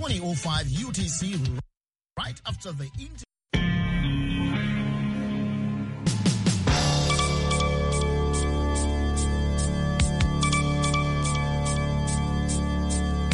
2005 UTC right after the inter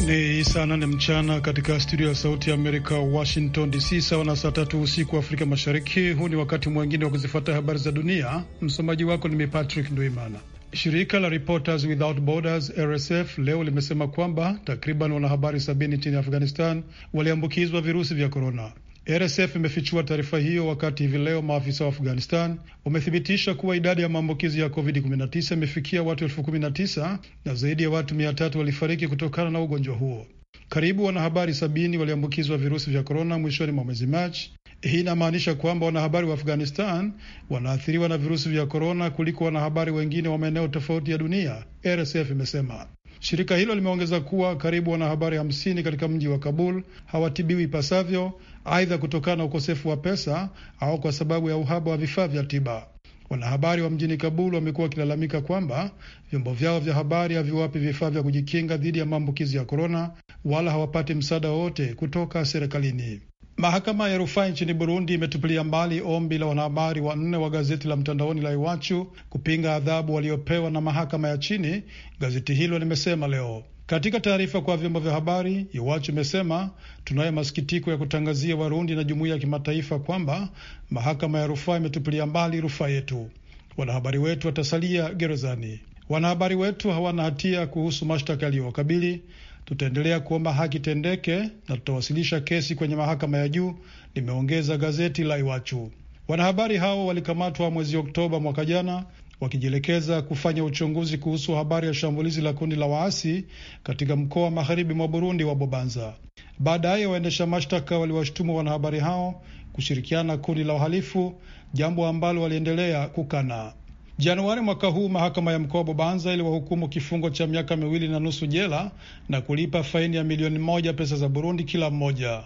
ni saa nane mchana katika studio ya Sauti ya Amerika, Washington DC, sawa na saa tatu usiku wa Afrika Mashariki. Huu ni wakati mwengine wa kuzifuata habari za dunia. Msomaji wako ni mimi Patrick Nduimana. Shirika la Reporters Without Borders RSF leo limesema kwamba takriban wanahabari sabini nchini Afghanistan waliambukizwa virusi vya korona. RSF imefichua taarifa hiyo wakati hivi leo maafisa wa Afghanistan wamethibitisha kuwa idadi ya maambukizi ya COVID-19 imefikia watu elfu kumi na tisa na zaidi ya watu mia tatu walifariki kutokana na ugonjwa huo. Karibu wanahabari sabini waliambukizwa virusi vya korona mwishoni mwa mwezi Machi, hii inamaanisha kwamba wanahabari wa Afghanistan wanaathiriwa na virusi vya korona kuliko wanahabari wengine wa maeneo tofauti ya dunia, RSF imesema. Shirika hilo limeongeza kuwa karibu wanahabari hamsini katika mji wa Kabul hawatibiwi ipasavyo, aidha kutokana na ukosefu wa pesa au kwa sababu ya uhaba wa vifaa vya tiba. Wanahabari wa mjini Kabul wamekuwa wakilalamika kwamba vyombo vyao vya habari haviwapi vifaa vya kujikinga dhidi ya maambukizi ya korona, wala hawapati msaada wowote kutoka serikalini. Mahakama ya rufaa nchini Burundi imetupilia mbali ombi la wanahabari wanne wa gazeti la mtandaoni la Iwachu kupinga adhabu waliopewa na mahakama ya chini, gazeti hilo limesema leo. Katika taarifa kwa vyombo vya habari, Iwachu imesema tunayo masikitiko ya kutangazia Warundi na jumuiya ya kimataifa kwamba mahakama ya rufaa imetupilia mbali rufaa yetu. Wanahabari wetu watasalia gerezani. Wanahabari wetu hawana hatia kuhusu mashtaka yaliyowakabili Tutaendelea kuomba haki tendeke na tutawasilisha kesi kwenye mahakama ya juu, limeongeza gazeti la Iwachu. Wanahabari hao walikamatwa mwezi Oktoba mwaka jana wakijielekeza kufanya uchunguzi kuhusu habari ya shambulizi la kundi la waasi katika mkoa wa magharibi mwa Burundi wa Bobanza. Baadaye waendesha mashtaka waliwashutumu wanahabari hao kushirikiana kundi la uhalifu, jambo ambalo waliendelea kukana. Januari mwaka huu mahakama ya mkoa wa Bobanza iliwahukumu kifungo cha miaka miwili na nusu jela na kulipa faini ya milioni moja pesa za Burundi kila mmoja.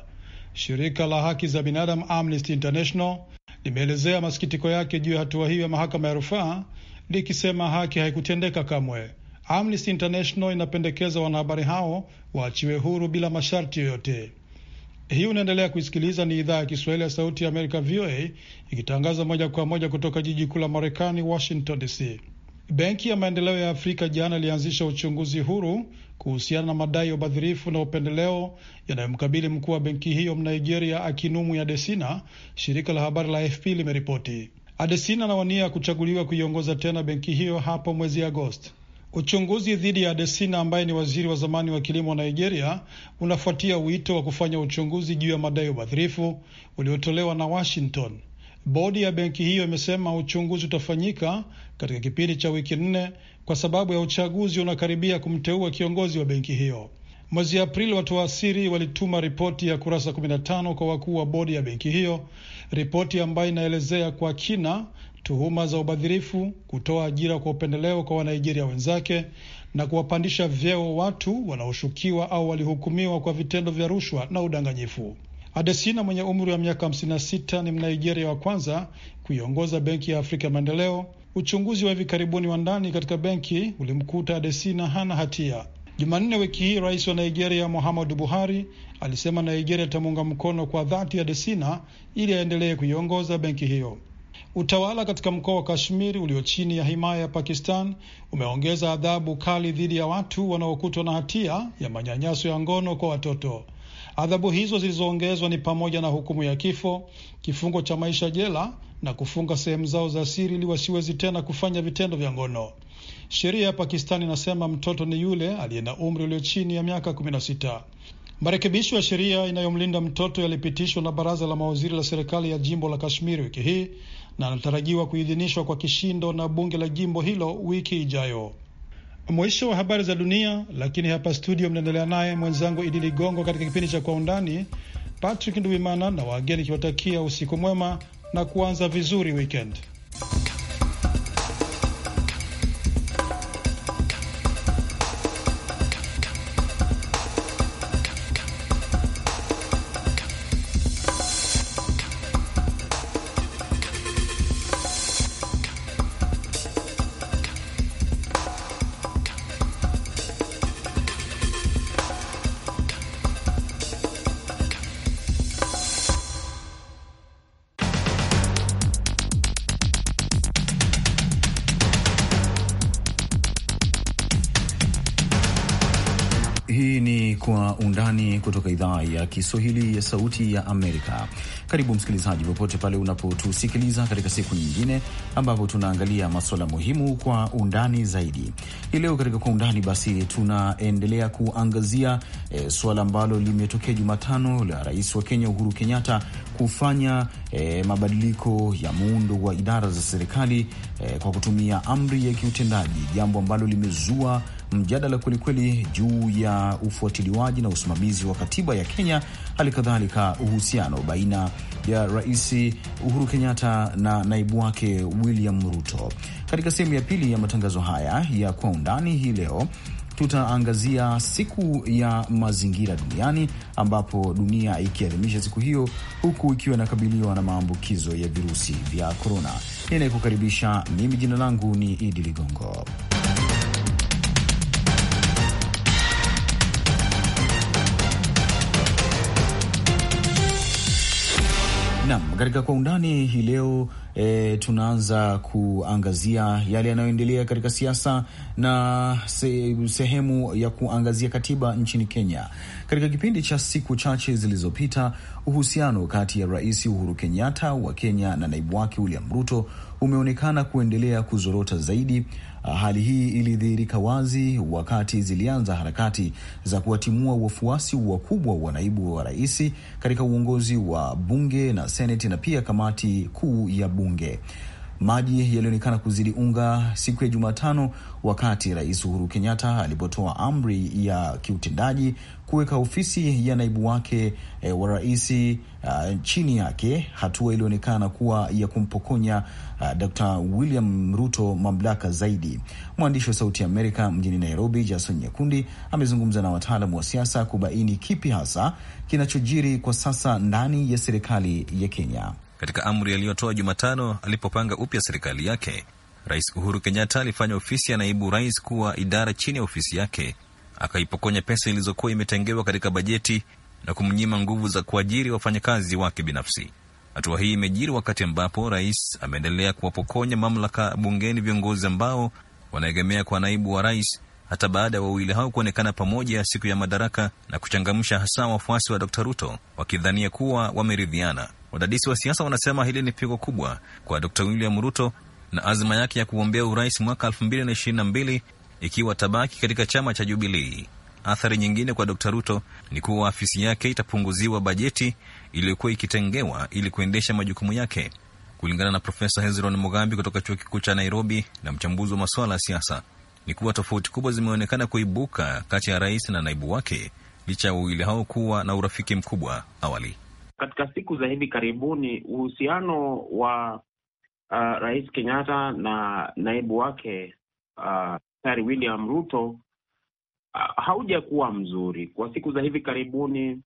Shirika la haki za binadamu Amnesty International limeelezea masikitiko yake juu ya hatua hiyo ya mahakama ya rufaa likisema haki haikutendeka kamwe. Amnesty International inapendekeza wanahabari hao waachiwe huru bila masharti yoyote. Hii unaendelea kuisikiliza ni idhaa ya Kiswahili ya Sauti ya Amerika, VOA, ikitangaza moja kwa moja kutoka jiji kuu la Marekani, Washington DC. Benki ya Maendeleo ya Afrika jana ilianzisha uchunguzi huru kuhusiana na madai ya ubadhirifu na upendeleo yanayomkabili mkuu wa benki hiyo Mnigeria, ya Adesina. Shirika la habari la AFP limeripoti Adesina anawania kuchaguliwa kuiongoza tena benki hiyo hapo mwezi Agosti. Uchunguzi dhidi ya Adesina ambaye ni waziri wa zamani wa kilimo wa Nigeria unafuatia wito wa kufanya uchunguzi juu ya madai ya ubadhirifu uliotolewa na Washington. Bodi ya benki hiyo imesema uchunguzi utafanyika katika kipindi cha wiki nne kwa sababu ya uchaguzi unakaribia kumteua kiongozi wa benki hiyo. Mwezi Aprili, watu wa asiri walituma ripoti ya kurasa 15 kwa wakuu wa bodi ya benki hiyo, ripoti ambayo inaelezea kwa kina tuhuma za ubadhirifu, kutoa ajira kwa upendeleo kwa Wanaijeria wenzake na kuwapandisha vyeo watu wanaoshukiwa au walihukumiwa kwa vitendo vya rushwa na udanganyifu. Adesina mwenye umri wa miaka 56 ni Mnaijeria wa kwanza kuiongoza Benki ya Afrika ya Maendeleo. Uchunguzi wa hivi karibuni wa ndani katika benki ulimkuta Adesina hana hatia. Jumanne wiki hii, rais wa Nigeria Muhammadu Buhari alisema Nigeria itamuunga mkono kwa dhati Adesina ili aendelee kuiongoza benki hiyo. Utawala katika mkoa wa Kashmiri ulio chini ya himaya ya Pakistan umeongeza adhabu kali dhidi ya watu wanaokutwa na hatia ya manyanyaso ya ngono kwa watoto. Adhabu hizo zilizoongezwa ni pamoja na hukumu ya kifo, kifungo cha maisha jela na kufunga sehemu zao za siri ili wasiwezi tena kufanya vitendo vya ngono. Sheria ya Pakistani inasema mtoto ni yule aliye na umri ulio chini ya miaka kumi na sita. Marekebisho ya sheria inayomlinda mtoto yalipitishwa na baraza la mawaziri la serikali ya jimbo la Kashmiri wiki hii na anatarajiwa kuidhinishwa kwa kishindo na bunge la jimbo hilo wiki ijayo. Mwisho wa habari za dunia, lakini hapa studio mnaendelea naye mwenzangu Idi Ligongo katika kipindi cha Kwa Undani. Patrick nduimana na wageni kiwatakia usiku mwema na kuanza vizuri wikendi. Kiswahili ya Sauti ya Amerika. Karibu msikilizaji, popote pale unapotusikiliza katika siku nyingine ambapo tunaangalia masuala muhimu kwa undani zaidi. Hii leo katika kwa undani basi tunaendelea kuangazia e, suala ambalo limetokea Jumatano la rais wa Kenya Uhuru Kenyatta kufanya e, mabadiliko ya muundo wa idara za serikali e, kwa kutumia amri ya kiutendaji, jambo ambalo limezua mjadala kwelikweli juu ya ufuatiliwaji na usimamizi wa katiba ya Kenya, hali kadhalika uhusiano baina ya Rais Uhuru Kenyatta na naibu wake William Ruto. Katika sehemu ya pili ya matangazo haya ya kwa undani hii leo tutaangazia siku ya mazingira duniani ambapo dunia ikiadhimisha siku hiyo huku ikiwa inakabiliwa na maambukizo ya virusi vya korona. Ninayekukaribisha mimi, jina langu ni Idi Ligongo. Naam, katika kwa undani hii leo e, tunaanza kuangazia yale yanayoendelea katika siasa na se, sehemu ya kuangazia katiba nchini Kenya. Katika kipindi cha siku chache zilizopita, uhusiano kati ya Rais Uhuru Kenyatta wa Kenya na naibu wake William Ruto umeonekana kuendelea kuzorota zaidi Ah, hali hii ilidhihirika wazi wakati zilianza harakati za kuwatimua wafuasi wakubwa wa naibu wa rais katika uongozi wa bunge na seneti na pia kamati kuu ya bunge maji yalionekana kuzidi unga siku ya Jumatano wakati Rais Uhuru Kenyatta alipotoa amri ya kiutendaji kuweka ofisi ya naibu wake e, wa rais uh, chini yake, hatua ilionekana kuwa ya kumpokonya uh, e, Dr. William Ruto mamlaka zaidi. Mwandishi wa Sauti ya Amerika mjini Nairobi, Jason Nyakundi amezungumza na wataalamu wa siasa kubaini kipi hasa kinachojiri kwa sasa ndani ya serikali ya Kenya. Katika amri aliyotoa Jumatano alipopanga upya serikali yake, Rais Uhuru Kenyatta alifanya ofisi ya naibu rais kuwa idara chini ya ofisi yake, akaipokonya pesa ilizokuwa imetengewa katika bajeti na kumnyima nguvu za kuajiri wafanyakazi wake binafsi. Hatua hii imejiri wakati ambapo rais ameendelea kuwapokonya mamlaka bungeni viongozi ambao wanaegemea kwa naibu wa rais hata baada ya wawili hao kuonekana pamoja siku ya madaraka na kuchangamsha hasa wafuasi wa Dr. Ruto wakidhania kuwa wameridhiana. Wadadisi wa siasa wanasema hili ni pigo kubwa kwa d William Ruto na azma yake ya kugombea urais mwaka elfu na na mbili ikiwa tabaki katika chama cha Jubilii. Athari nyingine kwa d Ruto ni kuwa afisi yake itapunguziwa bajeti iliyokuwa ikitengewa ili kuendesha majukumu yake, kulingana na Profesa Hezron Mugambi kutoka chuo kikuu cha Nairobi na mchambuzi wa masuala ya siasa ni kuwa tofauti kubwa zimeonekana kuibuka kati ya rais na naibu wake licha ya wawili hao kuwa na urafiki mkubwa awali katika siku za hivi karibuni uhusiano wa uh, Rais Kenyatta na naibu wake Daktari uh, William Ruto uh, haujakuwa mzuri kwa siku za hivi karibuni.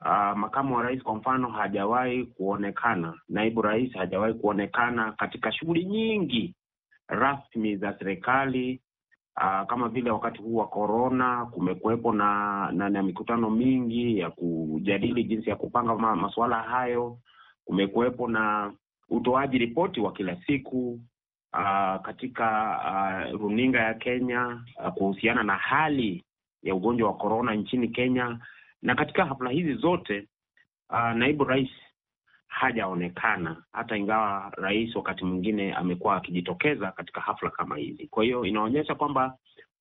Uh, makamu wa rais kwa mfano hajawahi kuonekana, naibu rais hajawahi kuonekana katika shughuli nyingi rasmi za serikali Aa, ah, kama vile wakati huu wa corona kumekuwepo na, na, na mikutano mingi ya kujadili jinsi ya kupanga ma, masuala hayo. Kumekuwepo na utoaji ripoti wa kila siku aa, ah, katika aa, ah, runinga ya Kenya kuhusiana na hali ya ugonjwa wa corona nchini Kenya, na katika hafla hizi zote aa, naibu rais hajaonekana hata ingawa rais wakati mwingine amekuwa akijitokeza katika hafla kama hizi. Kwa hiyo inaonyesha kwamba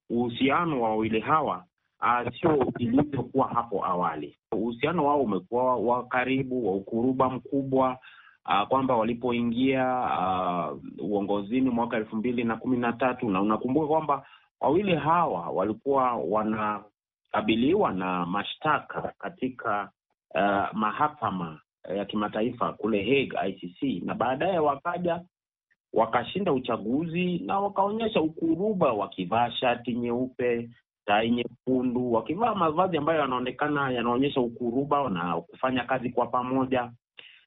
uhusiano wa wawili hawa ah, sio ilivyokuwa hapo awali. Uhusiano wao umekuwa wa karibu, wa ukuruba mkubwa ah, kwamba walipoingia uh, uongozini mwaka elfu mbili na kumi na tatu na unakumbuka kwamba wawili hawa walikuwa wanakabiliwa na mashtaka katika uh, mahakama Eh, ya kimataifa kule Hague ICC, na baadaye wakaja wakashinda uchaguzi na wakaonyesha ukuruba, wakivaa shati nyeupe, tai nyekundu, wakivaa mavazi ambayo yanaonekana yanaonyesha ukuruba na kufanya kazi kwa pamoja,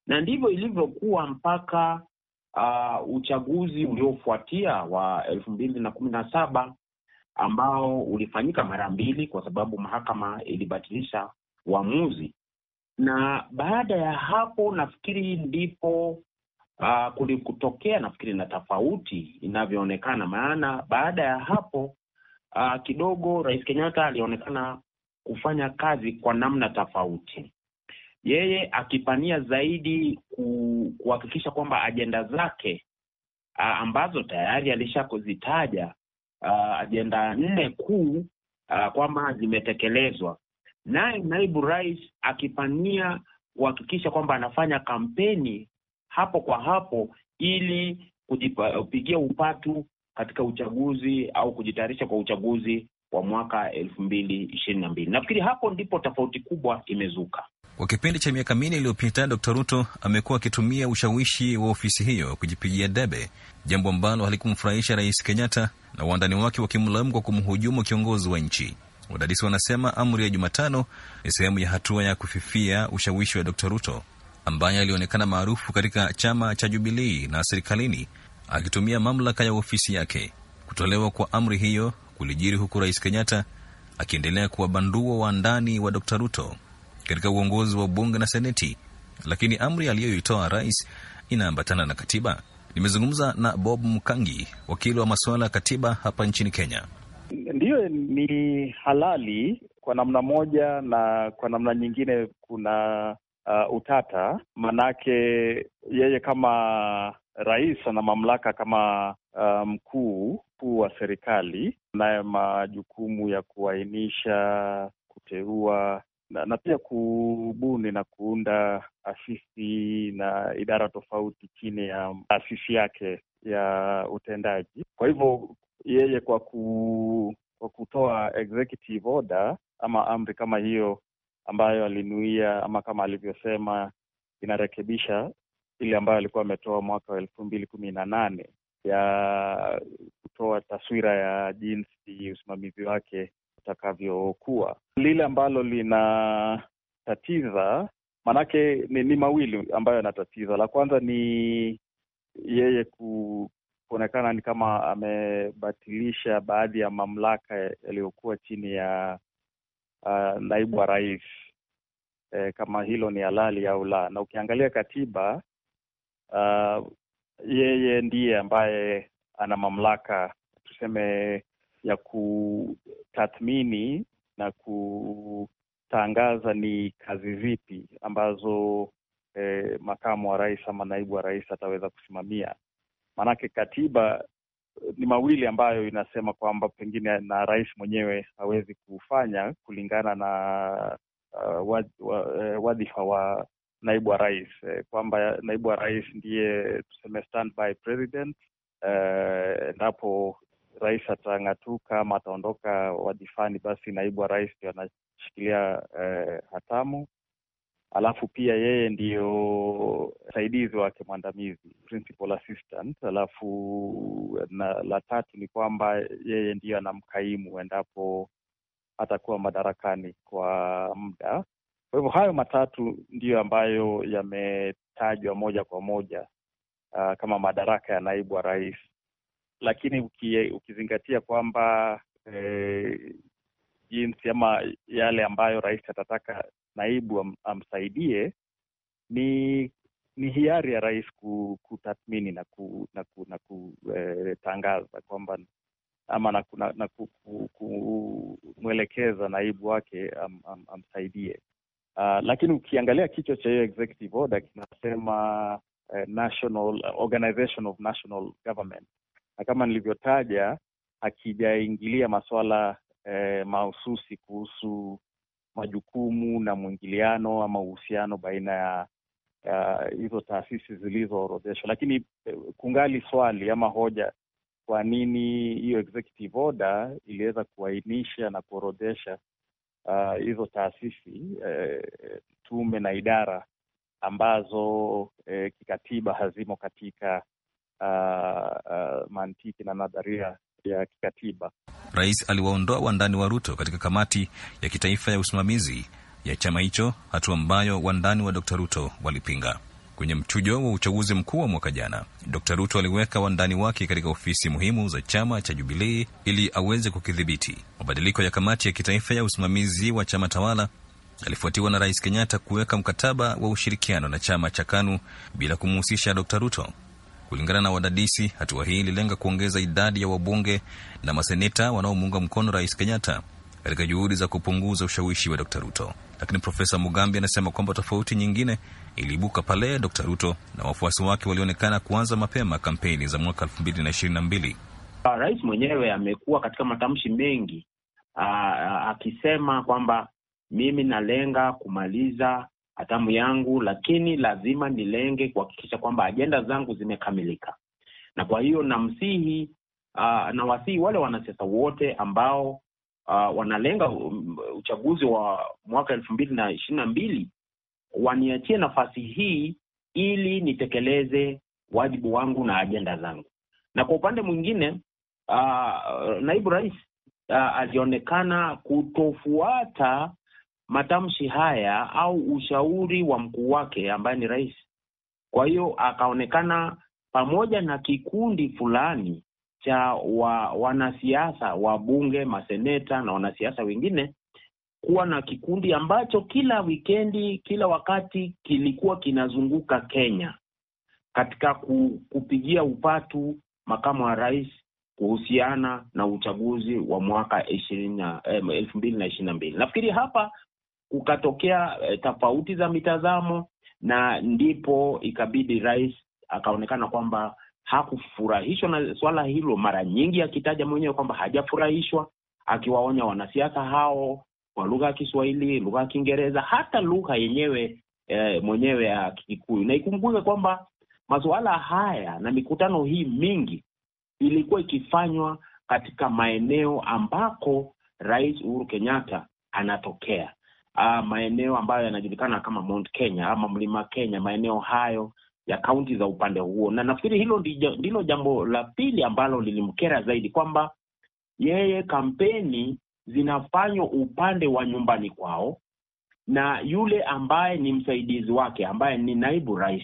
na ndivyo ilivyokuwa mpaka uh, uchaguzi uliofuatia wa elfu mbili na kumi na saba ambao ulifanyika mara mbili kwa sababu mahakama ilibatilisha uamuzi na baada ya hapo nafikiri ndipo uh, ah, kulikutokea nafikiri na tofauti inavyoonekana, maana baada ya hapo uh, kidogo Rais Kenyatta alionekana kufanya kazi kwa namna tofauti, yeye akipania zaidi kuhakikisha kwamba ajenda zake uh, ambazo tayari alishakuzitaja uh, ajenda nne kuu uh, kwamba zimetekelezwa naye naibu rais akipania kuhakikisha kwamba anafanya kampeni hapo kwa hapo ili kujipigia upatu katika uchaguzi au kujitayarisha kwa uchaguzi wa mwaka elfu mbili ishirini na mbili. Nafikiri hapo ndipo tofauti kubwa imezuka. Kwa kipindi cha miaka minne iliyopita, d Ruto amekuwa akitumia ushawishi wa ofisi hiyo kujipigia debe, jambo ambalo halikumfurahisha Rais Kenyatta na wandani wake wakimlaumu kwa kumhujumu kiongozi wa nchi. Wadadisi wanasema amri ya Jumatano ni sehemu ya hatua ya kufifia ushawishi wa Dr Ruto ambaye alionekana maarufu katika chama cha Jubilii na serikalini akitumia mamlaka ya ofisi yake. Kutolewa kwa amri hiyo kulijiri huku Rais Kenyatta akiendelea kuwabandua ndani wa Dr Ruto katika uongozi wa bunge na Seneti, lakini amri aliyoitoa rais inaambatana na katiba. Nimezungumza na Bob Mkangi, wakili wa masuala ya katiba hapa nchini Kenya. Ndiyo, ni halali kwa namna moja na kwa namna nyingine kuna uh, utata, manake yeye kama rais ana mamlaka kama uh, mkuu um, mkuu wa serikali, anaye majukumu ya kuainisha, kuteua na, na pia kubuni na kuunda asisi na idara tofauti chini ya asisi yake ya utendaji. Kwa hivyo yeye kwa ku, kwa kutoa executive order ama amri kama hiyo ambayo alinuia ama kama alivyosema inarekebisha ile ambayo alikuwa ametoa mwaka wa elfu mbili kumi na nane ya kutoa taswira ya jinsi usimamizi wake utakavyokuwa. Lile ambalo linatatiza maanake ni, ni mawili ambayo yanatatiza. La kwanza ni yeye kuonekana ni kama amebatilisha baadhi ya mamlaka yaliyokuwa chini ya uh, naibu wa rais eh, kama hilo ni halali au la. Na ukiangalia katiba uh, yeye ndiye ambaye ana mamlaka tuseme ya kutathmini na kutangaza ni kazi zipi ambazo eh, makamu wa rais ama naibu wa rais ataweza kusimamia maanake katiba eh, ni mawili ambayo inasema kwamba pengine na rais mwenyewe hawezi kufanya kulingana na uh, eh, wad, wa, eh, wadhifa wa naibu wa rais, kwamba naibu wa rais ndiye tuseme standby president endapo uh, rais atang'atuka ama ataondoka wadhifani, basi naibu wa rais ndio anashikilia uh, hatamu alafu pia yeye ndiyo msaidizi wake mwandamizi principal assistant. Alafu na la tatu ni kwamba yeye ndiyo anamkaimu endapo atakuwa madarakani kwa muda. Kwa hivyo hayo matatu ndiyo ambayo yametajwa moja kwa moja uh, kama madaraka ya naibu wa rais, lakini uki, ukizingatia kwamba eh, jinsi ama yale ambayo rais atataka naibu am, amsaidie ni ni hiari ya rais kutathmini na ku, na ku, na kutangaza eh, e, kwamba ama na, na, na kumwelekeza ku, naibu wake am, am, amsaidie. Uh, lakini ukiangalia kichwa cha hiyo executive order kinasema uh, national uh, organization of national government, na kama nilivyotaja hakijaingilia masuala uh, eh, mahususi kuhusu majukumu na mwingiliano ama uhusiano baina ya uh, hizo taasisi zilizoorodheshwa, lakini eh, kungali swali ama hoja, kwa nini hiyo executive order iliweza kuainisha na kuorodhesha ah, hizo uh, taasisi uh, tume na idara ambazo uh, kikatiba hazimo katika uh, uh, mantiki na nadharia ya kikatiba. Rais aliwaondoa wandani wa Ruto katika kamati ya kitaifa ya usimamizi ya chama hicho, hatua ambayo wandani wa Dr Ruto walipinga. Kwenye mchujo wa uchaguzi mkuu wa mwaka jana, Dr Ruto aliweka wandani wake katika ofisi muhimu za chama cha Jubilii ili aweze kukidhibiti. Mabadiliko ya kamati ya kitaifa ya usimamizi wa chama tawala alifuatiwa na Rais Kenyatta kuweka mkataba wa ushirikiano na chama cha KANU bila kumhusisha Dr Ruto. Kulingana na wadadisi, hatua hii ililenga kuongeza idadi ya wabunge na maseneta wanaomuunga mkono Rais Kenyatta katika juhudi za kupunguza ushawishi wa Dr Ruto. Lakini Profesa Mugambi anasema kwamba tofauti nyingine iliibuka pale Dr Ruto na wafuasi wake walionekana kuanza mapema kampeni za mwaka elfu mbili na ishirini na mbili. Ah, rais mwenyewe amekuwa katika matamshi mengi ah, ah, akisema kwamba mimi nalenga kumaliza hatamu yangu, lakini lazima nilenge kuhakikisha kwamba ajenda zangu zimekamilika. Na kwa hiyo namsihi uh, ah, na wasihi wale wanasiasa wote ambao uh, wanalenga um, uchaguzi wa mwaka elfu mbili na ishirini na mbili waniachie nafasi hii ili nitekeleze wajibu wangu na ajenda zangu. Na kwa upande mwingine uh, naibu rais uh, alionekana kutofuata matamshi haya au ushauri wa mkuu wake ambaye ni rais. Kwa hiyo akaonekana pamoja na kikundi fulani cha wa, wanasiasa wa bunge, maseneta na wanasiasa wengine kuwa na kikundi ambacho kila wikendi, kila wakati kilikuwa kinazunguka Kenya katika ku, kupigia upatu makamu wa rais kuhusiana na uchaguzi wa mwaka eh, elfu mbili na ishirini na mbili. Nafikiri hapa kukatokea eh, tofauti za mitazamo, na ndipo ikabidi rais akaonekana kwamba hakufurahishwa na swala hilo, mara nyingi akitaja mwenyewe kwamba hajafurahishwa, akiwaonya wanasiasa hao kwa lugha ya Kiswahili, lugha ya Kiingereza, hata lugha yenyewe e, mwenyewe ya Kikuyu. Na ikumbuke kwamba masuala haya na mikutano hii mingi ilikuwa ikifanywa katika maeneo ambako Rais Uhuru Kenyatta anatokea uh, maeneo ambayo yanajulikana kama Mount Kenya ama Mlima Kenya, maeneo hayo ya kaunti za upande huo, na nafikiri hilo ndilo jambo la pili ambalo lilimkera zaidi kwamba yeye kampeni zinafanywa upande wa nyumbani kwao na yule ambaye ni msaidizi wake ambaye ni naibu rais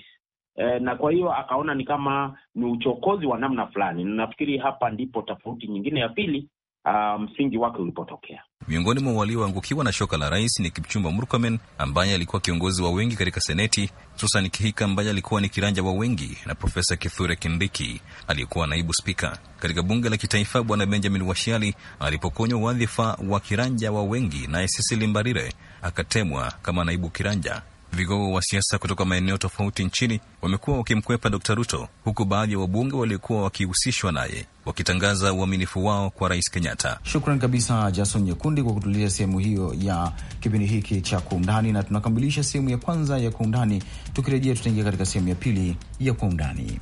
e, na kwa hiyo akaona ni kama ni uchokozi wa namna fulani. Nafikiri hapa ndipo tofauti nyingine ya pili Ah, msingi um, wake ulipotokea. Miongoni mwa walioangukiwa na shoka la rais ni Kipchumba Murkomen ambaye alikuwa kiongozi wa wengi katika Seneti, Susan Kihika ambaye alikuwa ni kiranja wa wengi na Profesa Kithure Kindiki aliyekuwa naibu spika. Katika bunge la kitaifa, Bwana Benjamin Washiali alipokonywa wadhifa wa kiranja wa wengi, naye Sisili Mbarire akatemwa kama naibu kiranja. Vigogo wa siasa kutoka maeneo tofauti nchini wamekuwa wakimkwepa Dkt Ruto, huku baadhi ya wabunge waliokuwa wakihusishwa naye wakitangaza uaminifu wao kwa Rais Kenyatta. Shukran kabisa Jason Nyekundi kwa kutuletea sehemu hiyo ya kipindi hiki cha Kwa Undani, na tunakamilisha sehemu ya kwanza ya Kwa Undani. Tukirejea tutaingia katika sehemu ya pili ya Kwa Undani.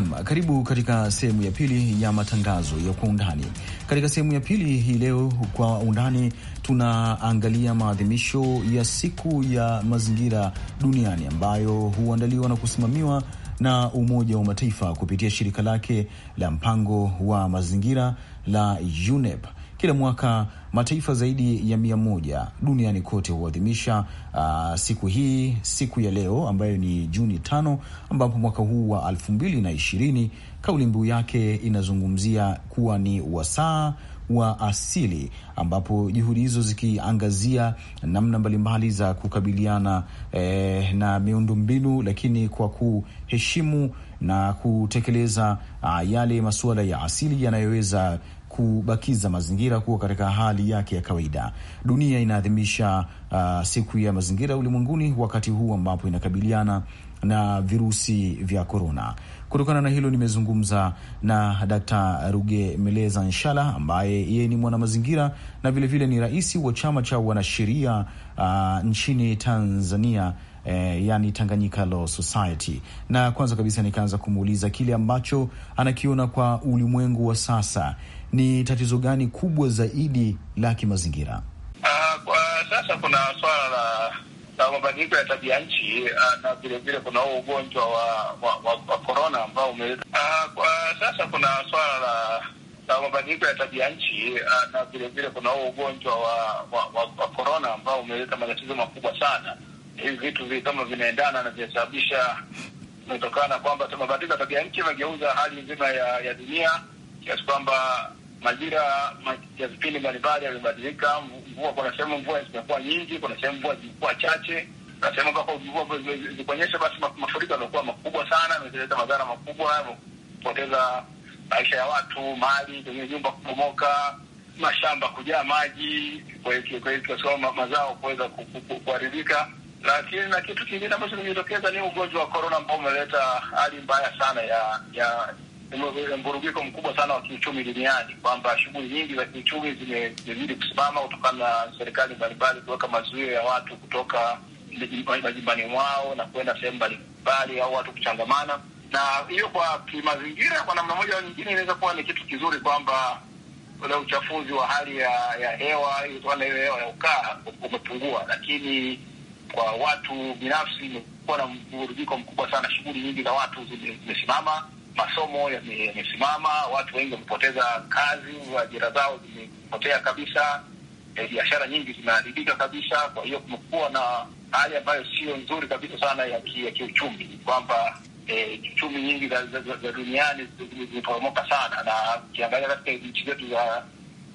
Nam, karibu katika sehemu ya pili ya matangazo ya kwa undani. Katika sehemu ya pili hii leo kwa undani, tunaangalia maadhimisho ya siku ya mazingira duniani ambayo huandaliwa na kusimamiwa na Umoja wa Mataifa kupitia shirika lake la mpango wa mazingira la UNEP kila mwaka mataifa zaidi ya mia moja duniani kote huadhimisha uh, siku hii, siku ya leo ambayo ni Juni tano, ambapo mwaka huu wa elfu mbili na ishirini kauli mbiu yake inazungumzia kuwa ni wasaa wa asili ambapo juhudi hizo zikiangazia namna mbalimbali za kukabiliana eh, na miundombinu lakini kwa kuheshimu na kutekeleza uh, yale masuala ya asili yanayoweza kubakiza mazingira kuwa katika hali yake ya kawaida. Dunia inaadhimisha uh, siku ya mazingira ulimwenguni wakati huu ambapo inakabiliana na virusi vya korona. Kutokana na hilo, nimezungumza na Dkt. meleza Nshala ambaye yeye ni mwanamazingira na vilevile vile ni rais wa chama cha wanasheria uh, nchini Tanzania eh, yani Tanganyika Law Society, na kwanza kabisa nikaanza kumuuliza kile ambacho anakiona kwa ulimwengu wa sasa ni tatizo gani kubwa zaidi la kimazingira. Uh, kwa sasa kuna swala la na mabadiliko ya tabia nchi uh, na vilevile kuna huo ugonjwa wa wa, wa, wa korona ambao umeleta uh, kwa sasa kuna swala la na mabadiliko ya tabia nchi uh, na vilevile kuna huo ugonjwa wa wa, wa, wa korona ambao umeleta matatizo makubwa sana hivi vitu kama vinaendana na vinasababisha, inatokana kwamba mabadiliko ya tabia nchi amegeuza hali nzima ya, ya dunia kiasi kwamba majira ya vipindi mbalimbali yamebadilika. Mvua, kuna sehemu mvua zimekuwa nyingi, kuna sehemu mvua zimekuwa chache, na sehemu ambako mvua zikuonyesha, basi mafuriko yamekuwa makubwa sana, yameleta madhara makubwa, kupoteza maisha ya watu, mali, kwenye nyumba kubomoka, mashamba kujaa maji, kwa hiyo mazao kuweza kuharibika. Lakini na kitu kingine ambacho kimejitokeza ni ugonjwa wa korona ambao umeleta hali mbaya sana ya ya mvurugiko mkubwa sana wa kiuchumi duniani, kwamba shughuli nyingi za kiuchumi zimezidi kusimama kutokana na serikali mbalimbali kuweka mazuio ya watu kutoka majumbani mwao na kuenda sehemu mbalimbali au watu kuchangamana. Na hiyo kwa kimazingira, kwa namna moja au nyingine, inaweza kuwa ni kitu kizuri kwamba ule uchafuzi wa hali ya, ya hewa ilitokana na hiyo hewa ya ukaa umepungua, lakini kwa watu binafsi imekuwa na mvurugiko mkubwa sana. Shughuli nyingi za watu zimesimama, masomo yamesimama, watu wengi wamepoteza kazi, ajira zao zimepotea kabisa, eh, biashara nyingi zimeharibika kabisa. Kwa hiyo kumekuwa na hali ambayo sio nzuri kabisa sana ya kiuchumi, kwamba eh, uchumi nyingi za duniani zimeporomoka sana, na ukiangalia katika nchi zetu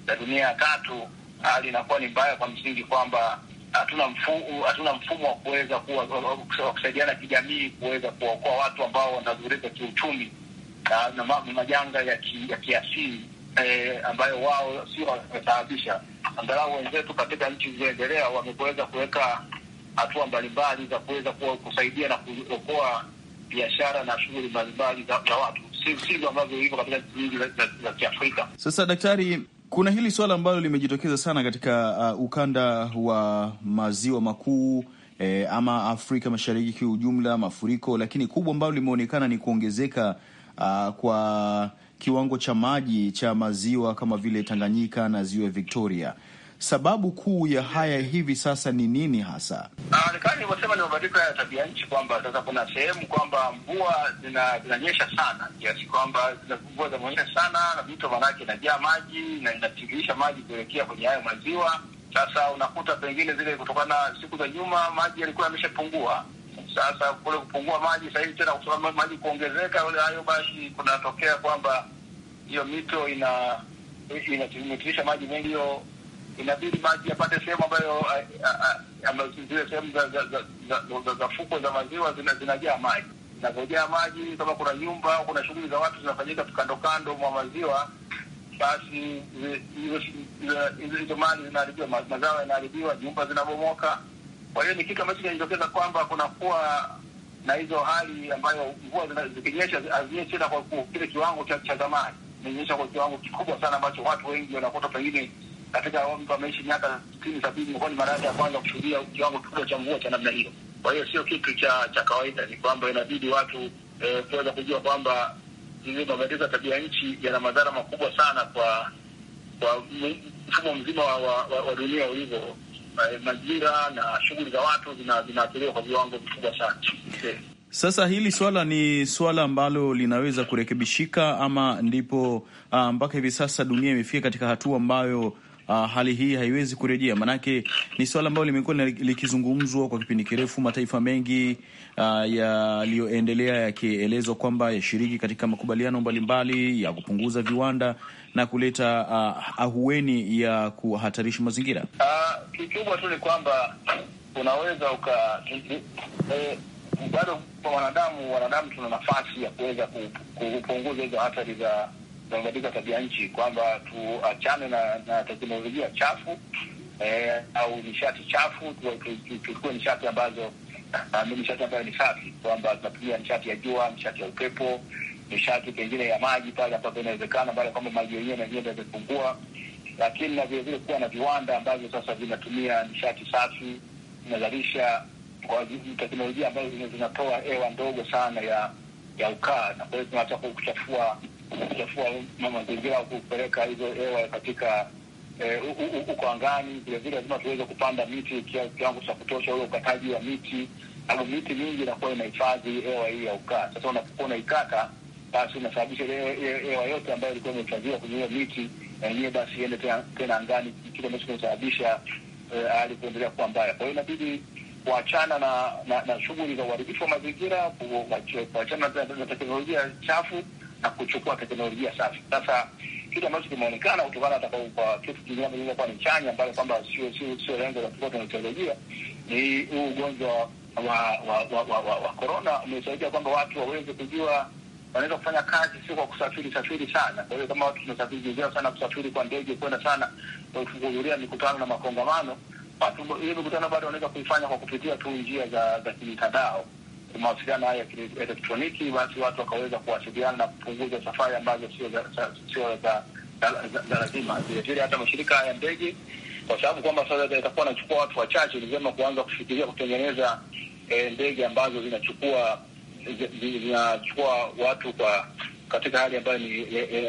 za dunia ya tatu hali inakuwa ni mbaya kwa msingi kwamba hatuna mfumo hatuna mfumo wa kuweza kuwa kusaidiana kijamii kuweza kuwaokoa watu ambao wanadhurika kiuchumi na majanga ya ki, ya kiasili e, ambayo wao sio wamesababisha. Angalau wenzetu katika nchi zilizoendelea wameweza kuweka hatua mbalimbali za kuweza kusaidia na kuokoa biashara na shughuli mbalimbali za watu, si sivyo ambavyo hivyo katika nchi nyingi za Kiafrika. Sasa daktari kuna hili swala ambalo limejitokeza sana katika uh, ukanda wa maziwa makuu e, ama Afrika Mashariki kiujumla, ujumla, mafuriko, lakini kubwa ambalo limeonekana ni kuongezeka uh, kwa kiwango cha maji cha maziwa kama vile Tanganyika na ziwa Victoria. Sababu kuu ya haya hivi sasa ni nini hasa? Marekani ah, nilivyosema, ni mabadiliko ya tabia nchi, kwamba sasa kuna sehemu kwamba mvua zinanyesha sana kiasi kwamba mvua zinaonyesha sana na vito manake inajaa maji na inatiririsha maji kuelekea kwenye hayo maziwa. Sasa unakuta pengine zile, kutokana na siku za nyuma maji yalikuwa yameshapungua sasa kule kupungua maji sasa hivi tena kutoka maji kuongezeka ule hayo, basi kunatokea kwamba hiyo mito ina maji mengi, hiyo inabidi maji yapate sehemu ambayo eh, eh, eh, zile sehemu za fukwe za maziwa zinajaa maji. Zinapojaa maji, kama kuna nyumba au kuna shughuli za watu zinafanyika kando kando mwa maziwa, basi hizo mali zinaharibiwa, mazao yanaharibiwa, nyumba zinabomoka. Kwa hiyo ni kitu ambacho kinajitokeza kwamba kunakuwa na hizo hali ambayo mvua zikinyesha hazinyeshi tena kwa kile kiwango cha zamani, inaonyesha kwa kiwango kikubwa sana ambacho watu wengi wanakuta pengine katika mtu ameishi miaka sitini sabini, imekuwa ni mara yake ya kwanza kushuhudia kiwango kikubwa cha mvua cha namna hiyo. Kwa hiyo sio kitu cha cha kawaida, ni kwamba inabidi watu eh, kuweza kujua kwamba hizi mabadiliko ya tabia nchi yana madhara makubwa sana kwa kwa mfumo mzima wa, wa, wa dunia ulivyo eh, majira na shughuli za watu zinaathiriwa kwa viwango vikubwa sana. Okay. Eh. Sasa hili swala ni swala ambalo linaweza kurekebishika ama ndipo ah, mpaka hivi sasa dunia imefika katika hatua ambayo uh, hali hii haiwezi kurejea? Maanake ni swala ambalo limekuwa likizungumzwa kwa kipindi kirefu, mataifa mengi uh, yaliyoendelea yakielezwa kwamba yashiriki katika makubaliano mbalimbali ya kupunguza viwanda na kuleta uh, ahueni ya kuhatarisha mazingira. Uh, kikubwa tu ni kwamba unaweza uka e, bado kwa wanadamu, wanadamu tuna nafasi ya kuweza kupunguza hizo hatari za za mabadiliko ya tabia nchi kwamba tuachane na, na teknolojia chafu eh, au nishati chafu, tuchukue nishati ambazo ah, ni nishati ambayo ni safi, kwamba tunatumia nishati ya jua, nishati ya upepo, nishati pengine ya maji pale ambapo inawezekana, pale kwamba maji yenyewe na yenyewe yamepungua, lakini na vilevile kuwa na viwanda ambavyo sasa vinatumia nishati safi, vinazalisha kwa teknolojia ambazo zinatoa hewa ndogo sana ya ya ukaa, na kwa hiyo tunaacha kuchafua kuchafua mazingira au kupeleka hizo hewa katika huko eh, angani. Vilevile lazima tuweze kupanda miti kiwango cha kutosha. Ule ukataji wa miti au miti mingi inakuwa inahifadhi hewa hii ya ukaa. Sasa unapokuwa unaikata, basi unasababisha ile hewa yote ambayo ilikuwa imehifadhiwa kwenye hiyo miti na yenyewe basi iende tena angani, kile ambacho kinasababisha eh, hali kuendelea kuwa mbaya. Kwa hiyo inabidi kuachana na na, na shughuli za uharibifu wa mazingira, kuachana na teknolojia chafu na kuchukua teknolojia safi. Sasa kile ambacho kimeonekana kutokana hata kwa kitu kingine kinaweza kuwa ni chanya, ambayo kwamba sio sio sio lengo la kutoka teknolojia, ni huu ugonjwa wa wa wa wa wa, wa corona umesaidia kwamba watu waweze kujua wanaweza kufanya kazi sio kwa kusafiri safiri sana. Kwa hiyo kama watu tunasafiri sana, kusafiri kwa ndege kwenda sana kuhudhuria mikutano na makongamano, watu hiyo mikutano bado wanaweza kuifanya kwa kupitia tu njia za za kimitandao mawasiliano haya ya kielektroniki, basi watu wakaweza kuwasiliana na kupunguza safari ambazo sio za lazima. Vilevile hata mashirika haya ya ndege, kwa sababu kwamba sasa itakuwa anachukua watu wachache, ni vyema kuanza kufikiria kutengeneza e, ndege ambazo zinachukua zinachukua watu kwa katika hali ambayo ni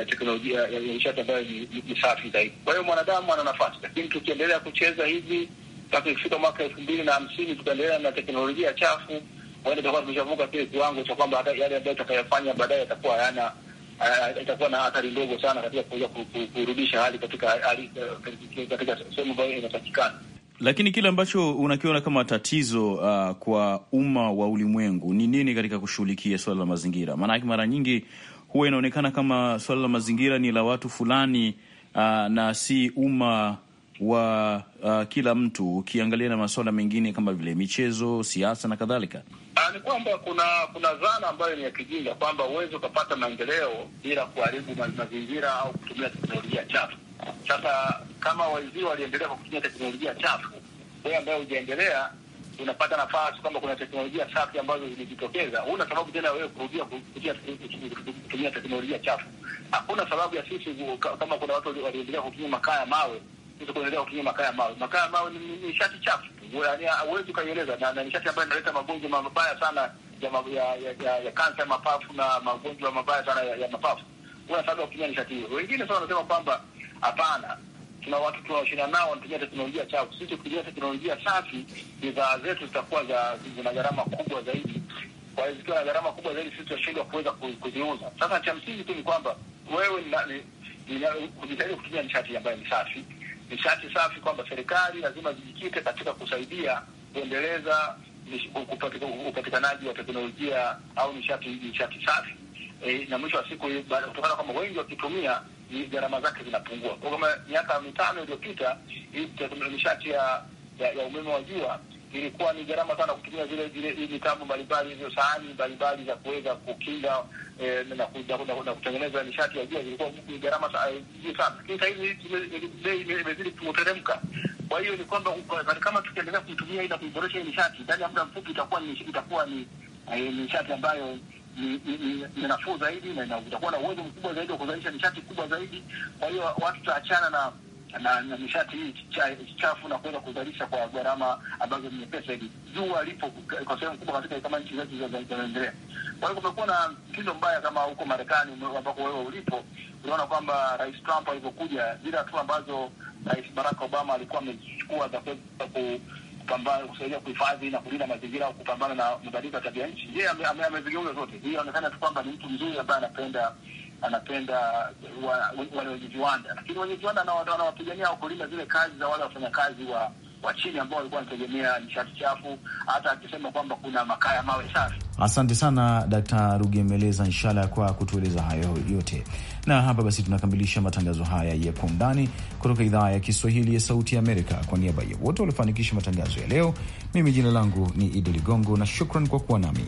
teknolojia ya nishati ambayo ni safi zaidi. Kwa hiyo mwanadamu ana nafasi, lakini tukiendelea kucheza hivi mpaka ikifika mwaka elfu mbili na hamsini tukaendelea na teknolojia chafu huenda itakuwa tumeshavuka kile kiwango cha kwamba hata yale ambayo itakayofanya baadaye yatakuwa hayana eh, itakuwa na athari ndogo sana katika kuweza kurudisha hali katika hali eh, katika sehemu ambayo inatakikana Lakini kile ambacho unakiona kama tatizo uh, kwa umma wa ulimwengu ni nini katika kushughulikia swala la mazingira? Maanake mara nyingi huwa inaonekana kama swala la mazingira ni la watu fulani uh, na si umma wa uh, kila mtu ukiangalia na masuala mengine kama vile michezo, siasa na kadhalika? Ah, ni kwamba kuna kuna dhana ambayo ni ya kijinga kwamba huwezi ukapata maendeleo bila kuharibu mazingira au kutumia teknolojia chafu. Sasa kama wenzio waliendelea kwa kutumia teknolojia chafu, wewe ambaye hujaendelea unapata nafasi kwamba kuna teknolojia safi ambazo zimejitokeza. Huna sababu tena wewe kurudia kutumia teknolojia chafu. Hakuna sababu ya sisi, kama kuna watu waliendelea kutumia makaa ya mawe kuelezea kutumia makaa ya mawe. Makaa ya mawe ni nishati chafu, yaani hauwezi ukaieleza, na nishati ambayo inaleta magonjwa mabaya sana ya kansa ya mapafu na magonjwa mabaya sana ya mapafu. Kuna sababu ya kutumia nishati hiyo. Wengine sasa wanasema kwamba hapana, tuna watu tunaoshindana nao wanatumia teknolojia chafu. Sisi tukitumia teknolojia safi, bidhaa zetu zitakuwa zina gharama kubwa zaidi. Kwa hiyo zikiwa na gharama kubwa zaidi, sisi tutashindwa kuweza kuziuza. Sasa cha msingi tu ni kwamba wewe kujitahidi kutumia nishati ambayo ni safi nishati safi, kwamba serikali lazima zijikite katika kusaidia kuendeleza upatikanaji wa teknolojia au nishati nishati safi e, na mwisho wa siku baada kutokana kwamba wengi wakitumia gharama zake zinapungua. Kwa kama miaka mitano iliyopita nishati ya, ya, ya umeme wa jua ilikuwa ni gharama sana kutumia zile zile mitambo mbalimbali, hizo sahani mbalimbali za kuweza kukinga eh, na kutengeneza nishati ya jua, zilikuwa ni gharama eh, sana, lakini saa bei imezidi kuteremka. Kwa hiyo ni kwamba kama tukiendelea kuitumia ila kuiboresha hii nishati, ndani ya muda mfupi itakuwa ni itakuwa ni eh, nishati ambayo ni nafuu zaidi na itakuwa na uwezo mkubwa zaidi wa kuzalisha nishati kubwa zaidi. Kwa hiyo watu tutaachana na na, nishati hii chafu na kuweza kuzalisha kwa gharama ambazo ni pesa hivi. Jua lipo kwa sehemu kubwa katika kama nchi zetu zinazoendelea. Kwa hiyo kumekuwa na mtindo mbaya kama huko Marekani ambako wewe ulipo, unaona kwamba Rais Trump alivyokuja, zile hatua ambazo Rais Barack Obama alikuwa amezichukua za kuweza kupambana kusaidia kuhifadhi na kulinda mazingira au kupambana na mabadiliko ya tabia nchi, yeye amevigeuza zote. Hii inaonekana tu kwamba ni mtu mzuri ambaye anapenda anapenda wale wenye viwanda, lakini wenye viwanda wanawapigania wakulima, zile kazi za wale wafanyakazi wa wa chini ambao walikuwa wanategemea nishati chafu, hata akisema kwamba kuna makaa ya mawe safi. Asante sana Dakta Rugemeleza Nshala kwa kutueleza hayo yote, na hapa basi tunakamilisha matangazo haya ya Kwa Undani kutoka idhaa ya Kiswahili ya Sauti ya Amerika. Kwa niaba ya wote waliofanikisha matangazo ya leo, mimi jina langu ni Idi Ligongo na shukran kwa kuwa nami.